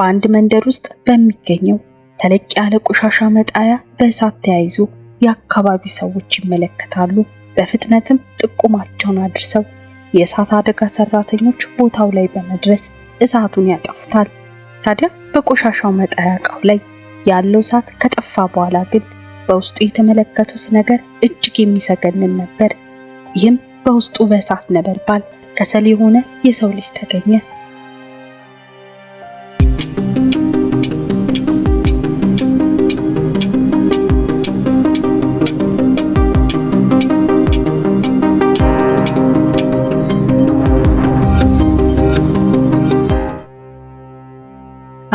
በአንድ መንደር ውስጥ በሚገኘው ተለቅ ያለ ቆሻሻ መጣያ በእሳት ተያይዞ የአካባቢው ሰዎች ይመለከታሉ። በፍጥነትም ጥቁማቸውን አድርሰው የእሳት አደጋ ሰራተኞች ቦታው ላይ በመድረስ እሳቱን ያጠፉታል። ታዲያ በቆሻሻው መጣያ እቃው ላይ ያለው እሳት ከጠፋ በኋላ ግን በውስጡ የተመለከቱት ነገር እጅግ የሚሰገንን ነበር። ይህም በውስጡ በእሳት ነበልባል ከሰል የሆነ የሰው ልጅ ተገኘ።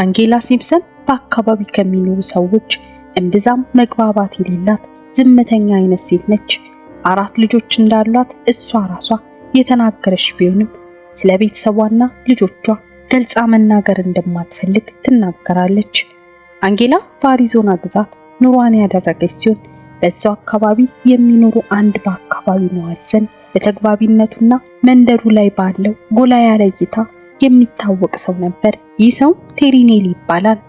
አንጌላ ሲብሰን በአካባቢ ከሚኖሩ ሰዎች እምብዛም መግባባት የሌላት ዝምተኛ አይነት ሴት ነች። አራት ልጆች እንዳሏት እሷ ራሷ የተናገረች ቢሆንም ስለ ቤተሰቧና ልጆቿ ገልጻ መናገር እንደማትፈልግ ትናገራለች። አንጌላ በአሪዞና ግዛት ኑሯን ያደረገች ሲሆን በዛው አካባቢ የሚኖሩ አንድ በአካባቢ ነዋሪ ዘንድ በተግባቢነቱና መንደሩ ላይ ባለው ጎላ ያለ እይታ የሚታወቅ ሰው ነበር። ይህ ሰው ቴሪኔሊ ይባላል።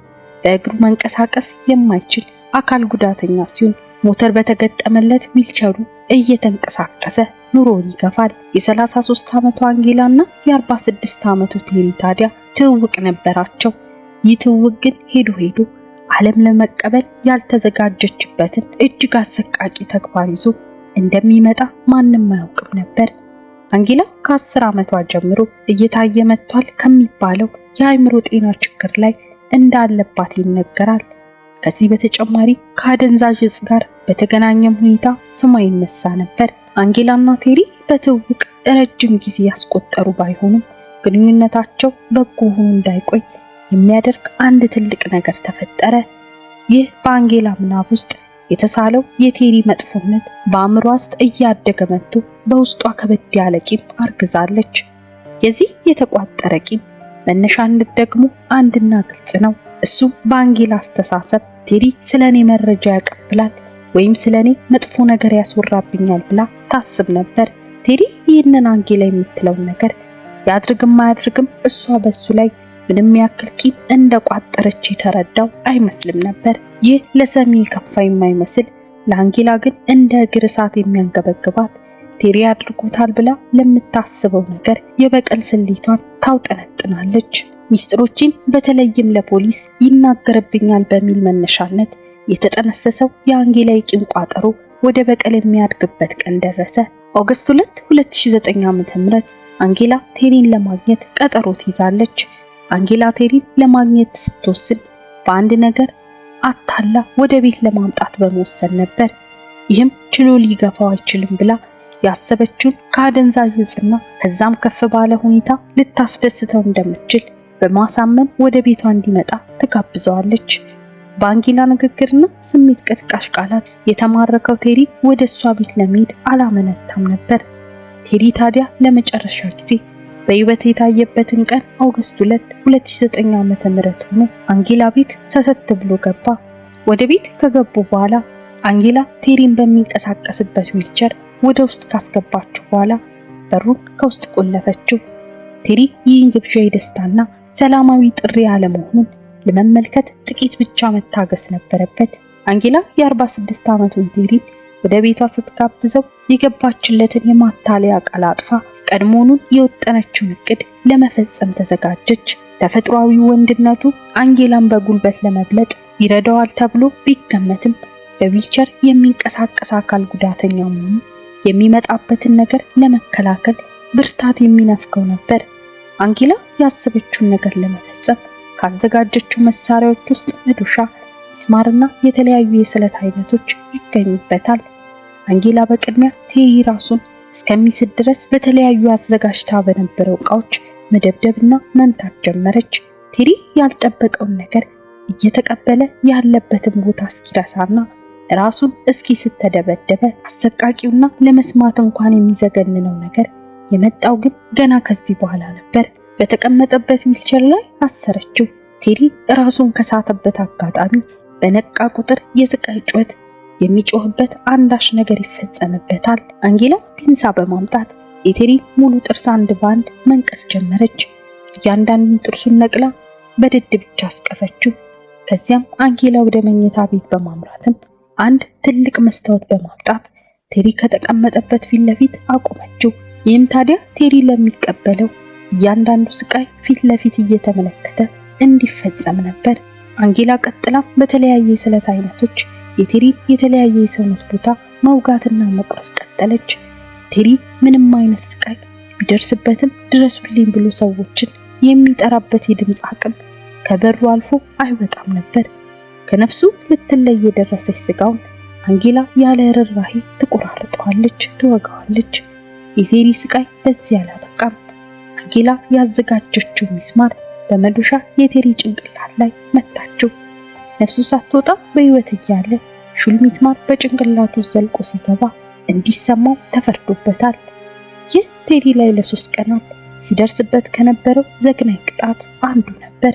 በእግሩ መንቀሳቀስ የማይችል አካል ጉዳተኛ ሲሆን ሞተር በተገጠመለት ዊልቸሩ እየተንቀሳቀሰ ኑሮውን ይገፋል። የ33 ዓመቱ አንጌላ እና የ46 ዓመቱ ቴሪ ታዲያ ትውውቅ ነበራቸው። ይህ ትውውቅ ግን ሄዶ ሄዶ ዓለም ለመቀበል ያልተዘጋጀችበትን እጅግ አሰቃቂ ተግባር ይዞ እንደሚመጣ ማንም አያውቅም ነበር። አንጌላ ከአስር ዓመቷ ጀምሮ እየታየ መጥቷል ከሚባለው የአእምሮ ጤና ችግር ላይ እንዳለባት ይነገራል። ከዚህ በተጨማሪ ከአደንዛዥ እጽ ጋር በተገናኘም ሁኔታ ስሟ ይነሳ ነበር። አንጌላና ቴሪ በትውውቅ ረጅም ጊዜ ያስቆጠሩ ባይሆኑም ግንኙነታቸው በጎ ሆኖ እንዳይቆይ የሚያደርግ አንድ ትልቅ ነገር ተፈጠረ። ይህ በአንጌላ ምናብ ውስጥ የተሳለው የቴሪ መጥፎነት በአእምሯ ውስጥ እያደገ መጥቶ በውስጧ ከበድ ያለ ቂም አርግዛለች። የዚህ የተቋጠረ ቂም መነሻነት ደግሞ አንድና ግልጽ ነው። እሱም በአንጌላ አስተሳሰብ ቴሪ ስለ እኔ መረጃ ያቀብላል ወይም ስለ እኔ መጥፎ ነገር ያስወራብኛል ብላ ታስብ ነበር። ቴሪ ይህንን አንጌላ የምትለውን ነገር ያድርግም አያድርግም እሷ በሱ ላይ ምንም ያክል ቂም እንደቋጠረች የተረዳው አይመስልም ነበር። ይህ ለሰሚ ከፋ የማይመስል ለአንጌላ ግን እንደ እግር እሳት የሚያንገበግባት ቴሪ አድርጎታል ብላ ለምታስበው ነገር የበቀል ስሌቷን ታውጠነጥናለች። ሚስጥሮችን በተለይም ለፖሊስ ይናገርብኛል በሚል መነሻነት የተጠነሰሰው የአንጌላ የቂም ቋጠሮ ወደ በቀል የሚያድግበት ቀን ደረሰ። ኦገስት 2 2009 ዓ.ም አንጌላ ቴሪን ለማግኘት ቀጠሮ ትይዛለች። አንጌላ ቴሪን ለማግኘት ስትወስድ በአንድ ነገር አታላ ወደ ቤት ለማምጣት በመወሰን ነበር። ይህም ችሎ ሊገፋው አይችልም ብላ ያሰበችውን ከአደንዛዥ እጽና ከዛም ከፍ ባለ ሁኔታ ልታስደስተው እንደምትችል በማሳመን ወደ ቤቷ እንዲመጣ ትጋብዘዋለች። በአንጌላ ንግግርና ስሜት ቀስቃሽ ቃላት የተማረከው ቴሪ ወደ እሷ ቤት ለመሄድ አላመነታም ነበር። ቴሪ ታዲያ ለመጨረሻ ጊዜ በህይወት የታየበትን ቀን ኦገስት 2 2009 ዓ.ም ሆኖ አንጌላ ቤት ሰተት ብሎ ገባ። ወደ ቤት ከገቡ በኋላ አንጌላ ቴሪን በሚንቀሳቀስበት ዊልቸር ወደ ውስጥ ካስገባችሁ በኋላ በሩን ከውስጥ ቆለፈችው። ቴሪ ይህን ግብዣ የደስታና ሰላማዊ ጥሪ መሆኑን ለመመልከት ጥቂት ብቻ መታገስ ነበረበት። አንጌላ የ46 ዓመቱን ቴሪን ወደ ቤቷ ስትጋብዘው የገባችለትን የማታለያ ቃል አጥፋ ቀድሞኑን የወጠነችውን እቅድ ለመፈጸም ተዘጋጀች። ተፈጥሯዊ ወንድነቱ አንጌላን በጉልበት ለመብለጥ ይረዳዋል ተብሎ ቢገመትም በዊልቸር የሚንቀሳቀስ አካል ጉዳተኛ መሆኑ የሚመጣበትን ነገር ለመከላከል ብርታት የሚነፍገው ነበር። አንጌላ ያሰበችውን ነገር ለመፈጸም ካዘጋጀችው መሳሪያዎች ውስጥ መዶሻ፣ ምስማርና የተለያዩ የስለት አይነቶች ይገኙበታል። አንጌላ በቅድሚያ ቴይ ራሱን እስከሚስት ድረስ በተለያዩ አዘጋጅታ በነበረው እቃዎች መደብደብና መምታት ጀመረች። ቴሪ ያልጠበቀውን ነገር እየተቀበለ ያለበትን ቦታ እስኪረሳና ራሱን እስኪ ስተደበደበ አሰቃቂውና ለመስማት እንኳን የሚዘገንነው ነገር የመጣው ግን ገና ከዚህ በኋላ ነበር። በተቀመጠበት ዊልቸር ላይ አሰረችው። ቴሪ ራሱን ከሳተበት አጋጣሚ በነቃ ቁጥር የስቃይ ጩኸት የሚጮህበት አንዳች ነገር ይፈጸምበታል። አንጌላ ፒንሳ በማምጣት ኤቴሪ ሙሉ ጥርስ አንድ ባንድ መንቀል ጀመረች። እያንዳንዱን ጥርሱን ነቅላ በድድ ብቻ አስቀረችው። ከዚያም አንጌላ ወደ መኝታ ቤት በማምራትም አንድ ትልቅ መስታወት በማምጣት ቴሪ ከተቀመጠበት ፊት ለፊት አቆመችው። ይህም ታዲያ ቴሪ ለሚቀበለው እያንዳንዱ ስቃይ ፊት ለፊት እየተመለከተ እንዲፈጸም ነበር። አንጌላ ቀጥላ በተለያየ ስለት አይነቶች የቴሪ የተለያየ የሰውነት ቦታ መውጋትና መቁረጥ ቀጠለች። ቴሪ ምንም አይነት ስቃይ ቢደርስበትም ድረሱልኝ ብሎ ሰዎችን የሚጠራበት የድምፅ አቅም ከበሩ አልፎ አይወጣም ነበር። ከነፍሱ ልትለይ የደረሰች ስጋውን አንጌላ ያለ ርኅራኄ ትቆራርጠዋለች፣ ትወጋዋለች። የቴሪ ስቃይ በዚህ አላበቃም። አንጌላ ያዘጋጀችው ሚስማር በመዶሻ የቴሪ ጭንቅላት ላይ መታችው። ነፍሱ ሳትወጣ በህይወት እያለ ሹል ሚስማር በጭንቅላቱ ዘልቆ ሲገባ እንዲሰማው ተፈርዶበታል። ይህ ቴሪ ላይ ለሶስት ቀናት ሲደርስበት ከነበረው ዘግናኝ ቅጣት አንዱ ነበር።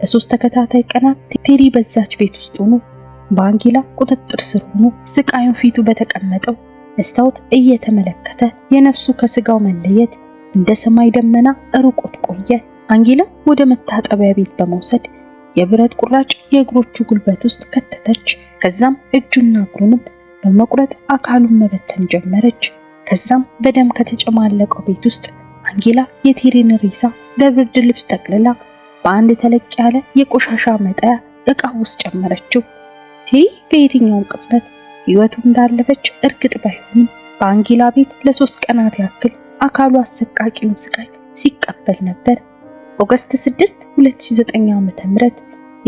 ለሶስት ተከታታይ ቀናት ቴሪ በዛች ቤት ውስጥ ሆኖ በአንጌላ ቁጥጥር ስር ሆኖ ስቃዩን ፊቱ በተቀመጠው መስታወት እየተመለከተ የነፍሱ ከስጋው መለየት እንደ ሰማይ ደመና ሩቆት ቆየ። አንጌላ ወደ መታጠቢያ ቤት በመውሰድ የብረት ቁራጭ የእግሮቹ ጉልበት ውስጥ ከተተች። ከዛም እጁና እግሩንም በመቁረጥ አካሉን መበተን ጀመረች። ከዛም በደም ከተጨማለቀው ቤት ውስጥ አንጌላ የቴሬን ሬሳ በብርድ ልብስ ጠቅልላ በአንድ ተለቅ ያለ የቆሻሻ መጣያ እቃ ውስጥ ጨመረችው። ቴሪ በየትኛውም ቅጽበት ሕይወቱ እንዳለፈች እርግጥ ባይሆንም በአንጌላ ቤት ለሶስት ቀናት ያክል አካሉ አሰቃቂውን ስቃይ ሲቀበል ነበር። ኦገስት 6 2009 ዓ.ም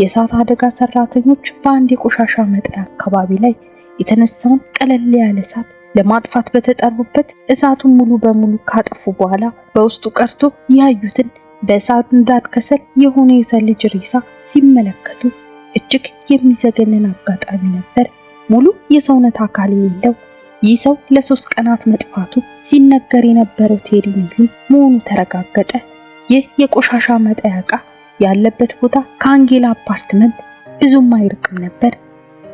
የእሳት አደጋ ሰራተኞች በአንድ የቆሻሻ መጣያ አካባቢ ላይ የተነሳውን ቀለል ያለ እሳት ለማጥፋት በተጠሩበት እሳቱን ሙሉ በሙሉ ካጠፉ በኋላ በውስጡ ቀርቶ ያዩትን በእሳት እንዳድ ከሰል የሆነ የሰው ልጅ ሬሳ ሲመለከቱ እጅግ የሚዘገንን አጋጣሚ ነበር። ሙሉ የሰውነት አካል የሌለው ይህ ሰው ለሶስት ቀናት መጥፋቱ ሲነገር የነበረው ቴሪ ሚሊ መሆኑ ተረጋገጠ። ይህ የቆሻሻ መጣያ ዕቃ ያለበት ቦታ ከአንጌላ አፓርትመንት ብዙም አይርቅም ነበር።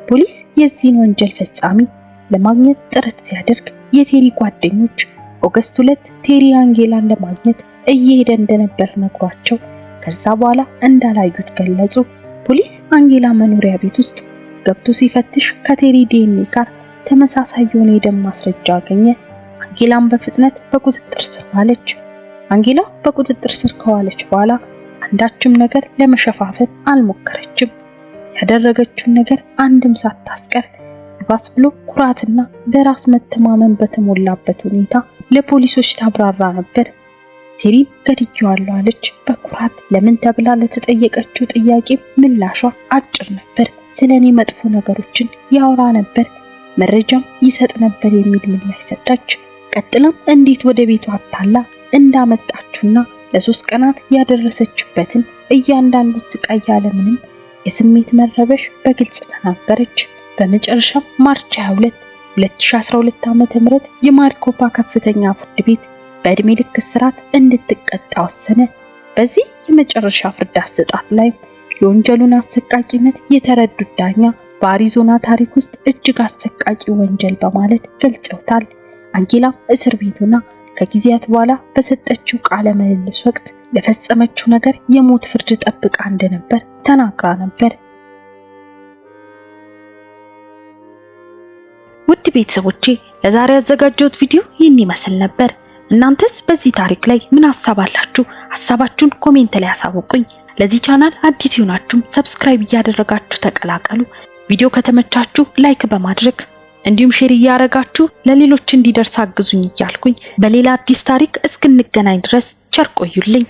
ፖሊስ የዚህን ወንጀል ፈጻሚ ለማግኘት ጥረት ሲያደርግ የቴሪ ጓደኞች ኦገስት ሁለት ቴሪ አንጌላን ለማግኘት እየሄደ እንደነበር ነግሯቸው ከዛ በኋላ እንዳላዩት ገለጹ። ፖሊስ አንጌላ መኖሪያ ቤት ውስጥ ገብቶ ሲፈትሽ ከቴሪ ዲኤንኤ ጋር ተመሳሳይ የሆነ የደም ማስረጃ አገኘ። አንጌላን በፍጥነት በቁጥጥር ስር ዋለች። አንጌላ በቁጥጥር ስር ከዋለች በኋላ አንዳችም ነገር ለመሸፋፈን አልሞከረችም። ያደረገችውን ነገር አንድም ሳታስቀር ባስ ብሎ ኩራትና በራስ መተማመን በተሞላበት ሁኔታ ለፖሊሶች ታብራራ ነበር። ቴሪ ገድያዋለሁ አለች በኩራት ለምን ተብላ ለተጠየቀችው ጥያቄ ምላሿ አጭር ነበር። ስለ እኔ መጥፎ ነገሮችን ያወራ ነበር፣ መረጃም ይሰጥ ነበር የሚል ምላሽ ሰጠች። ቀጥላም እንዴት ወደ ቤቷ አታላ እንዳመጣችውና ለሶስት ቀናት ያደረሰችበትን እያንዳንዱን ስቃይ ያለምንም የስሜት መረበሽ በግልጽ ተናገረች። በመጨረሻም ማርች 22 2012 ዓ.ም የማሪኮፓ ከፍተኛ ፍርድ ቤት በእድሜ ልክ እስራት እንድትቀጣ ወሰነ። በዚህ የመጨረሻ ፍርድ አሰጣት ላይ የወንጀሉን አሰቃቂነት የተረዱት ዳኛ በአሪዞና ታሪክ ውስጥ እጅግ አሰቃቂ ወንጀል በማለት ገልጸውታል። አንጌላ እስር ቤቱና ከጊዜያት በኋላ በሰጠችው ቃለ ምልልስ ወቅት ለፈጸመችው ነገር የሞት ፍርድ ጠብቃ እንደነበር ተናግራ ነበር። ውድ ቤተሰቦቼ ለዛሬ ያዘጋጀሁት ቪዲዮ ይህን ይመስል ነበር። እናንተስ በዚህ ታሪክ ላይ ምን ሀሳብ አላችሁ? ሀሳባችሁን ኮሜንት ላይ አሳውቁኝ። ለዚህ ቻናል አዲስ የሆናችሁም ሰብስክራይብ እያደረጋችሁ ተቀላቀሉ። ቪዲዮ ከተመቻችሁ ላይክ በማድረግ እንዲሁም ሼር እያረጋችሁ ለሌሎች እንዲደርስ አግዙኝ እያልኩኝ በሌላ አዲስ ታሪክ እስክንገናኝ ድረስ ቸር ቆዩልኝ።